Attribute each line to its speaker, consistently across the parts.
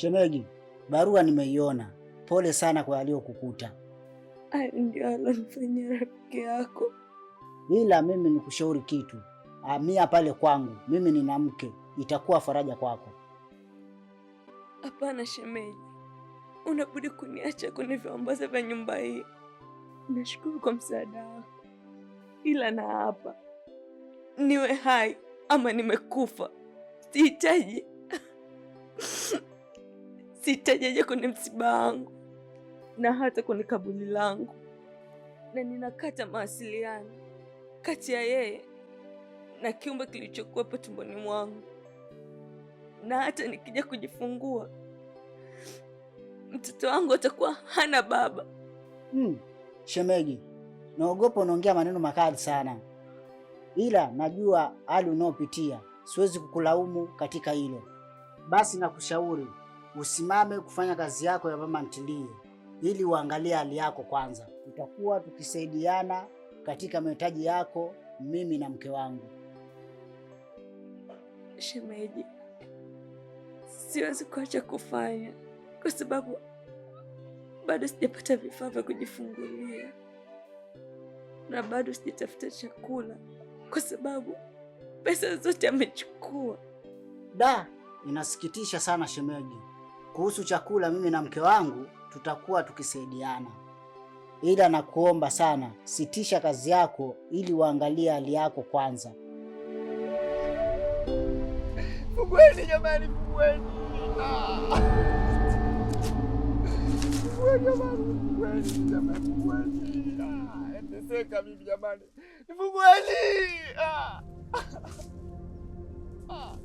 Speaker 1: Shemeji, barua nimeiona. Pole sana kwa aliyokukuta.
Speaker 2: Ndio alomfanyia rafiki yako,
Speaker 1: ila mimi nikushauri kitu. Amia ah, pale kwangu, mimi nina mke, itakuwa faraja kwako.
Speaker 2: Hapana shemeji, unabudi kuniacha kwenye viambaza vya nyumba hii. Nashukuru kwa msaada wako, ila na hapa, niwe hai ama nimekufa, sihitaji sitajaja kwenye msiba wangu na hata kwenye kaburi langu, na ninakata mawasiliano kati ya yeye na kiumbe kilichokuwepo tumboni mwangu, na hata nikija kujifungua mtoto wangu atakuwa hana baba.
Speaker 1: Hmm, shemeji, naogopa unaongea maneno makali sana, ila najua hali unaopitia siwezi kukulaumu katika hilo. Basi nakushauri usimame kufanya kazi yako ya mama ntilie, ili uangalie hali yako kwanza. Tutakuwa tukisaidiana katika mahitaji yako, mimi na mke wangu.
Speaker 2: Shemeji, siwezi kuacha kufanya kwa sababu bado sijapata vifaa vya kujifungulia na bado sijatafuta chakula kwa sababu pesa zote amechukua.
Speaker 1: Da, inasikitisha sana shemeji kuhusu chakula, mimi na mke wangu tutakuwa tukisaidiana, ila nakuomba sana, sitisha kazi yako ili waangalie hali yako kwanza.
Speaker 2: Fukueni jamani, fukueni! Ah. jamani, fukueni! Ah. Ah.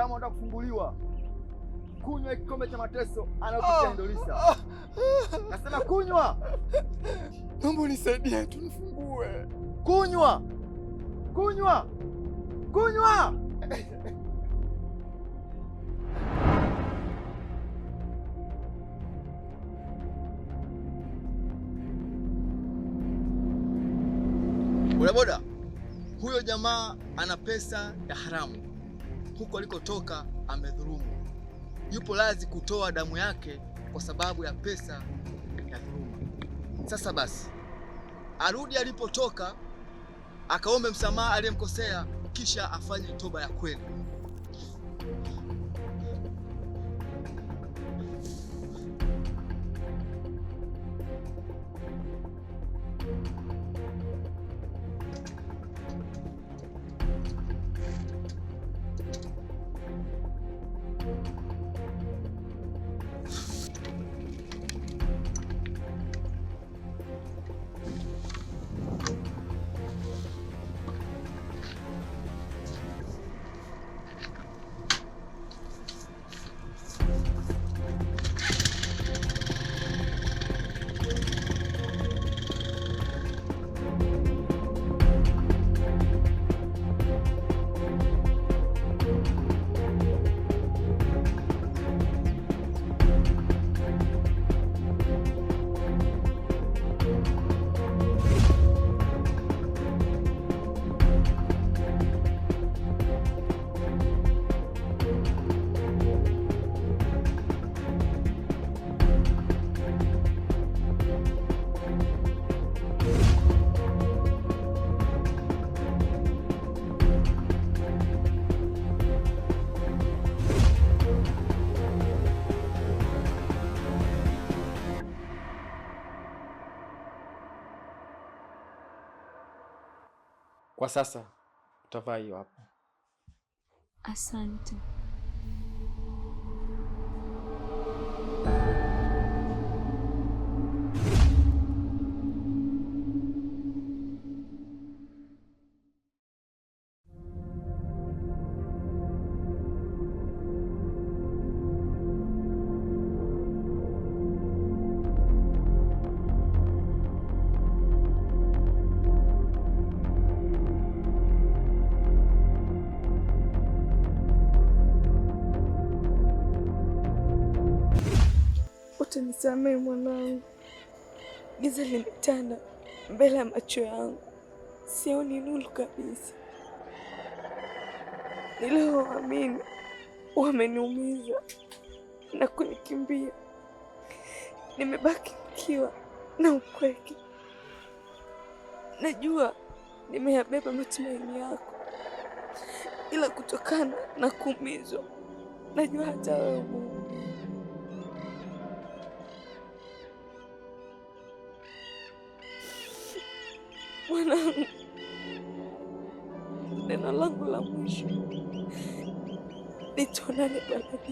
Speaker 3: kama unataka kufunguliwa, kunywa kikombe cha mateso anayopitia ah. Ndolisa. Ah. Nasema kunywa,
Speaker 2: naomba unisaidie nifungue
Speaker 3: Kunywa, kunywa, kunywa
Speaker 4: Bodaboda huyo jamaa ana pesa ya haramu huko alikotoka amedhulumu, yupo lazi kutoa damu yake kwa sababu ya pesa ya dhuluma. Sasa basi arudi alipotoka, akaombe msamaha aliyemkosea, kisha afanye toba ya kweli.
Speaker 3: Kwa sasa utavaa hiyo hapo.
Speaker 5: Asante.
Speaker 2: Nisamehe mwanangu, giza limetanda mbele ya macho yangu, sioni nuru kabisa. Niliowaamini wameniumiza na kunikimbia, nimebaki nikiwa na upweke. Najua nimeyabeba matumaini yako, ila kutokana na kuumizwa, najua hata wewe mwanangu, neno langu la mwisho ni Paradisi.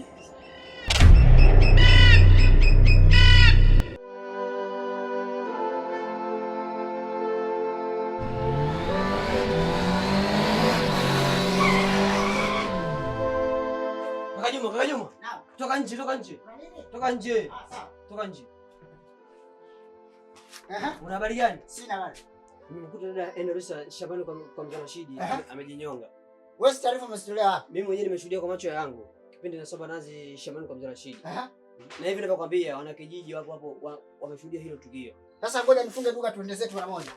Speaker 6: toka nje, toka nje, toka nje. Ah, Una habari gani? Sina habari. Nimekuta dada Enderesa shambani kwa, kwa mzee amejinyonga.
Speaker 7: Wewe si taarifa umesitolea wapi?
Speaker 6: Mimi mwenyewe nimeshuhudia kwa macho yangu kipindi nasoma nazi shambani kwa mzee Na hivi ninakwambia wana kijiji wapo hapo wameshuhudia hilo tukio.
Speaker 7: Sasa ngoja nifunge duka tuende zetu mara moja.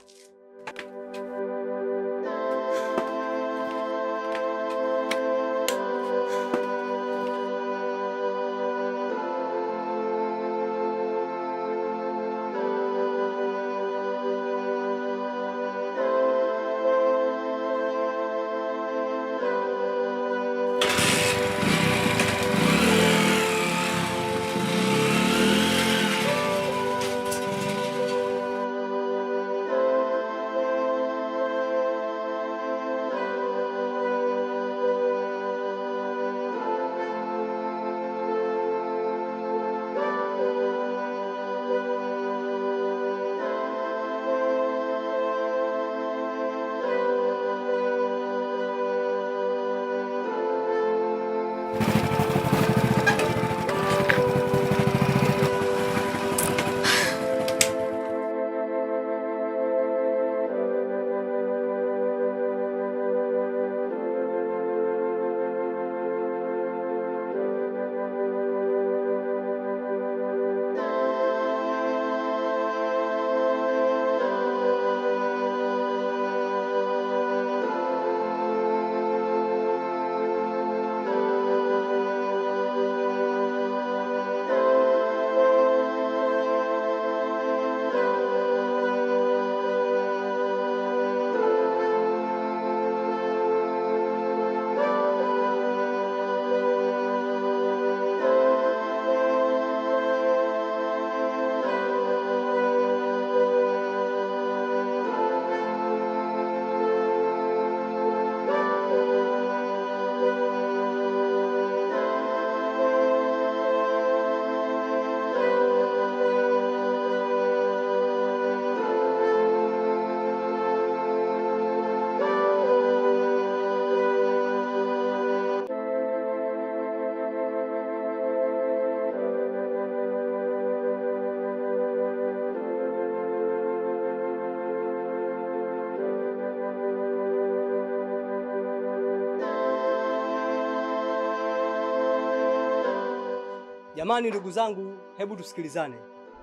Speaker 8: Jamani ndugu zangu, hebu tusikilizane.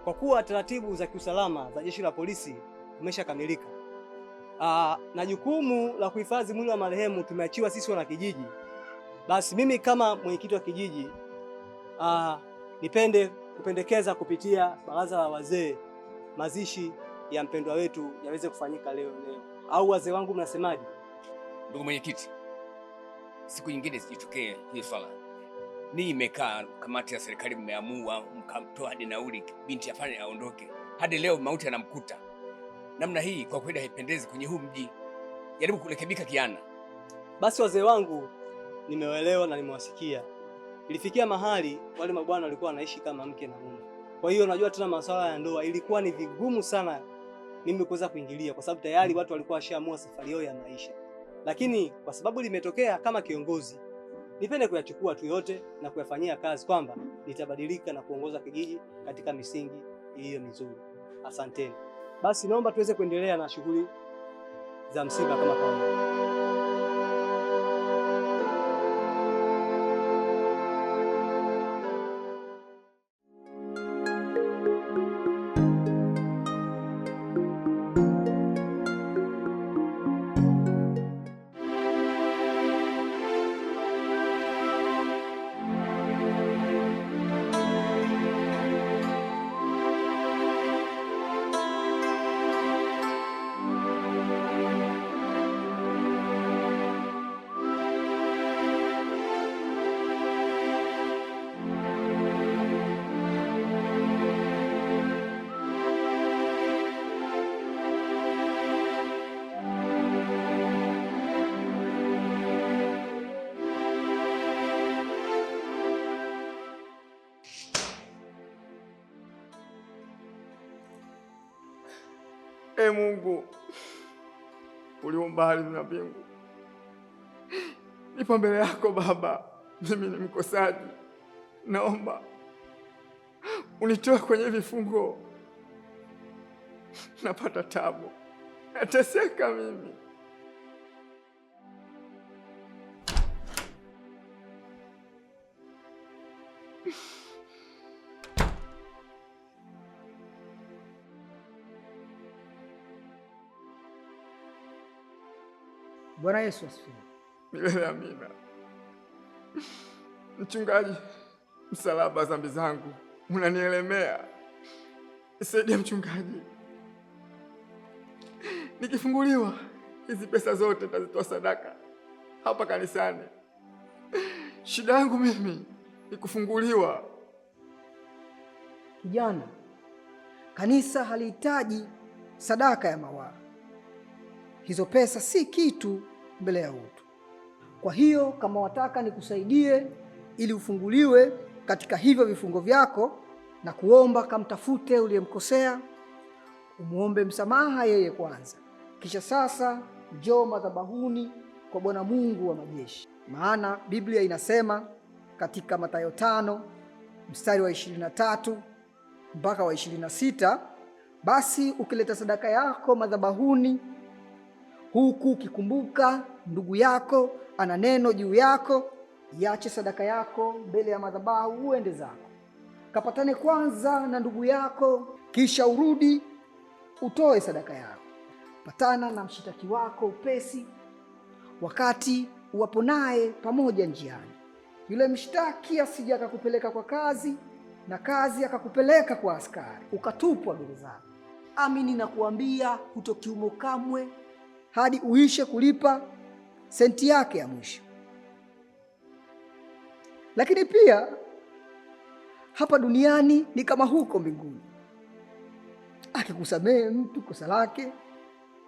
Speaker 8: Kwa kuwa taratibu za kiusalama za jeshi la polisi zimeshakamilika ah, na jukumu la kuhifadhi mwili wa marehemu tumeachiwa sisi wana kijiji basi mimi kama mwenyekiti wa kijiji aa, ah, nipende kupendekeza kupitia baraza la wazee mazishi ya mpendwa wetu yaweze kufanyika leo leo, au wazee wangu mnasemaje?
Speaker 9: Ndugu mwenyekiti, siku nyingine zijitokee hiyo swala ni imekaa kamati ya serikali, mmeamua mkamtoa hadi nauli, binti afanye aondoke, hadi leo mauti anamkuta namna hii, kwa kweli haipendezi kwenye huu mji. Jaribu kurekebika Kiana.
Speaker 8: Basi wazee wangu, nimewelewa na nimewasikia. Ilifikia mahali wale mabwana walikuwa wanaishi kama mke na mume, kwa hiyo najua tena masuala ya ndoa ilikuwa ni vigumu sana mimi kuweza kuingilia, kwa sababu tayari watu walikuwa washaamua safari yao ya maisha. Lakini kwa sababu limetokea, kama kiongozi nipende kuyachukua tu yote na kuyafanyia kazi kwamba nitabadilika na kuongoza kijiji katika misingi iliyo mizuri. Asanteni. Basi naomba tuweze kuendelea na shughuli za msiba kama kawaida.
Speaker 2: e Mungu uliumba ardhi na mbingu, nipo mbele yako Baba, mimi ni mkosaji, naomba unitoe kwenye vifungo. Napata tabu, nateseka mimi.
Speaker 10: Bwana Yesu asifiwe.
Speaker 2: Milele amina. Mchungaji, msalaba dhambi zangu unanielemea. Saidia mchungaji, nikifunguliwa hizi pesa zote nitazitoa sadaka hapa kanisani. Shida yangu mimi ni kufunguliwa.
Speaker 10: Kijana, kanisa halihitaji sadaka ya mawaa hizo pesa si kitu mbele ya utu. Kwa hiyo kama wataka nikusaidie ili ufunguliwe katika hivyo vifungo vyako, na kuomba kamtafute uliyemkosea, umwombe msamaha yeye kwanza, kisha sasa njoo madhabahuni kwa Bwana Mungu wa majeshi, maana Biblia inasema katika Mathayo tano mstari wa tatu mpaka wa sita basi ukileta sadaka yako madhabahuni huku ukikumbuka ndugu yako ana neno juu yako, iache sadaka yako mbele ya madhabahu, uende zako. Kapatane kwanza na ndugu yako, kisha urudi utoe sadaka yako. Patana na mshitaki wako upesi, wakati uwapo naye pamoja njiani, yule mshtaki asija akakupeleka kwa kazi na kazi akakupeleka kwa askari, ukatupwa gerezani. Amini na kuambia, hutokiumo kamwe hadi uishe kulipa senti yake ya mwisho. Lakini pia hapa duniani ni kama huko mbinguni. Akikusamehe mtu kosa lake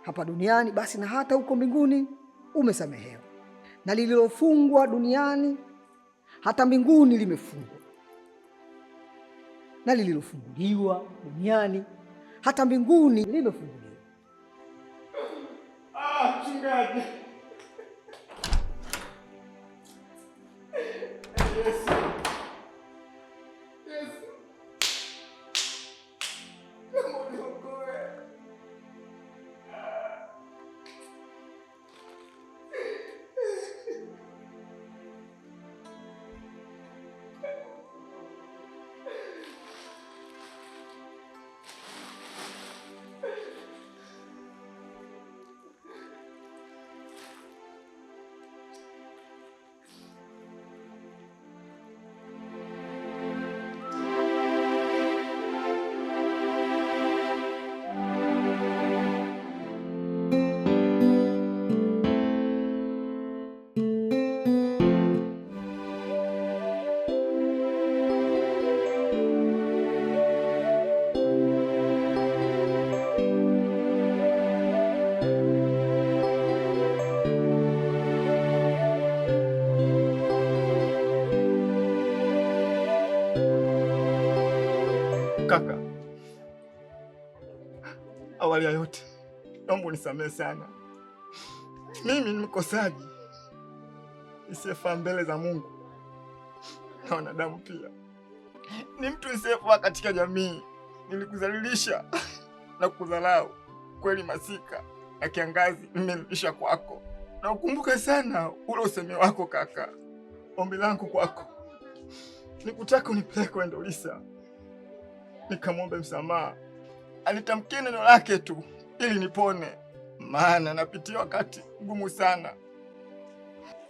Speaker 10: hapa duniani, basi na hata huko mbinguni umesamehewa, na lililofungwa duniani hata mbinguni limefungwa, na lililofunguliwa duniani hata mbinguni limefunguliwa.
Speaker 2: помогать. awali ya yote, naomba unisamehe sana. Mimi ni mkosaji nisiyefaa mbele za Mungu na wanadamu pia, ni mtu nisiyefaa katika jamii. Nilikudhalilisha na kudharau kweli, masika na kiangazi nimerudisha kwako, na ukumbuke sana ule usemi wako kaka. Ombi langu kwako nikutaka unipeleke kwa Endolisa nikamwombe msamaha alitamkia neno lake tu ili nipone, maana napitia wakati mgumu sana.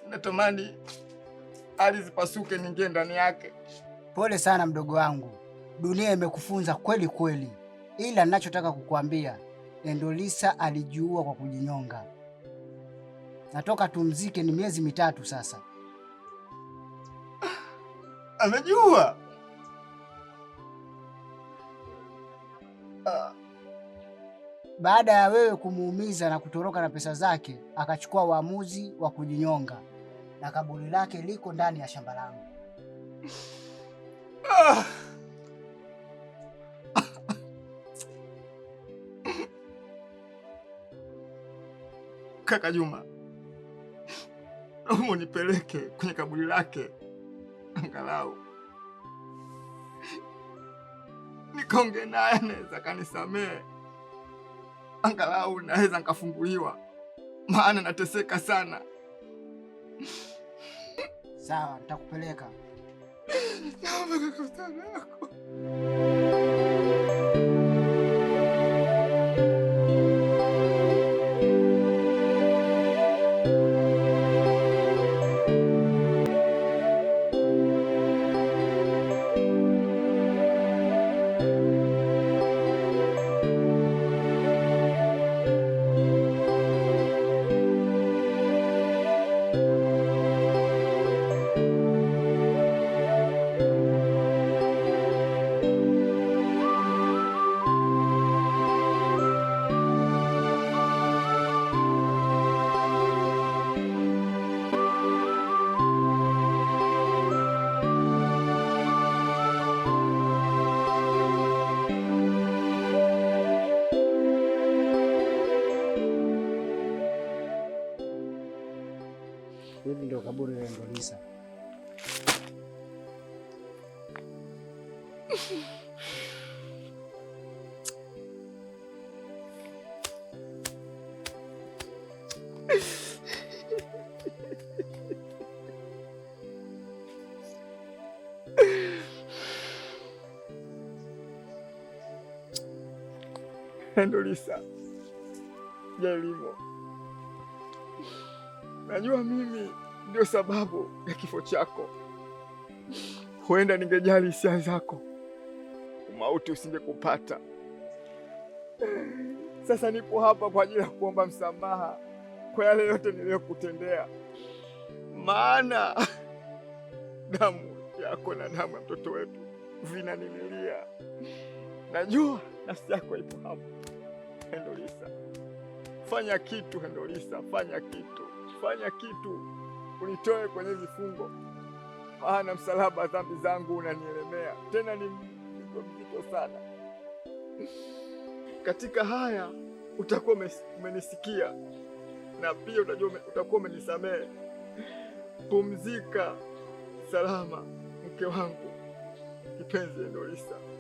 Speaker 2: Natamani alizipasuke ningie ndani yake.
Speaker 10: Pole sana mdogo wangu, dunia imekufunza kweli kweli, ila ninachotaka kukuambia Endolisa alijiua kwa kujinyonga. Natoka tumzike ni miezi mitatu sasa.
Speaker 2: Ah, amejua
Speaker 10: baada ya wewe kumuumiza na kutoroka na pesa zake, akachukua uamuzi wa kujinyonga na kaburi lake liko ndani ya shamba langu.
Speaker 2: Kaka Juma, naomba nipeleke kwenye kaburi lake angalau nikaongee naye, anaweza kanisamehe angalau naweza nikafunguliwa, maana nateseka sana.
Speaker 10: Sawa, nitakupeleka.
Speaker 2: Endolisa Jailimo, najua mimi ndio sababu ya kifo chako. Huenda ningejali hisia zako, umauti usingekupata. Sasa nipo hapa kwa ajili ya kuomba msamaha kwa yale yote niliyokutendea, maana damu yako na damu ya mtoto wetu vinanililia. Najua nafsi yako ipo hapo. Hendolisa, fanya kitu Hendolisa, fanya kitu, fanya kitu, unitoe kwenye vifungo, maana msalaba dhambi zangu unanielemea, tena ni mzigo mzito sana. Katika haya utakuwa umenisikia na pia utajua utakuwa umenisamehe. Pumzika salama mke wangu kipenzi Hendolisa.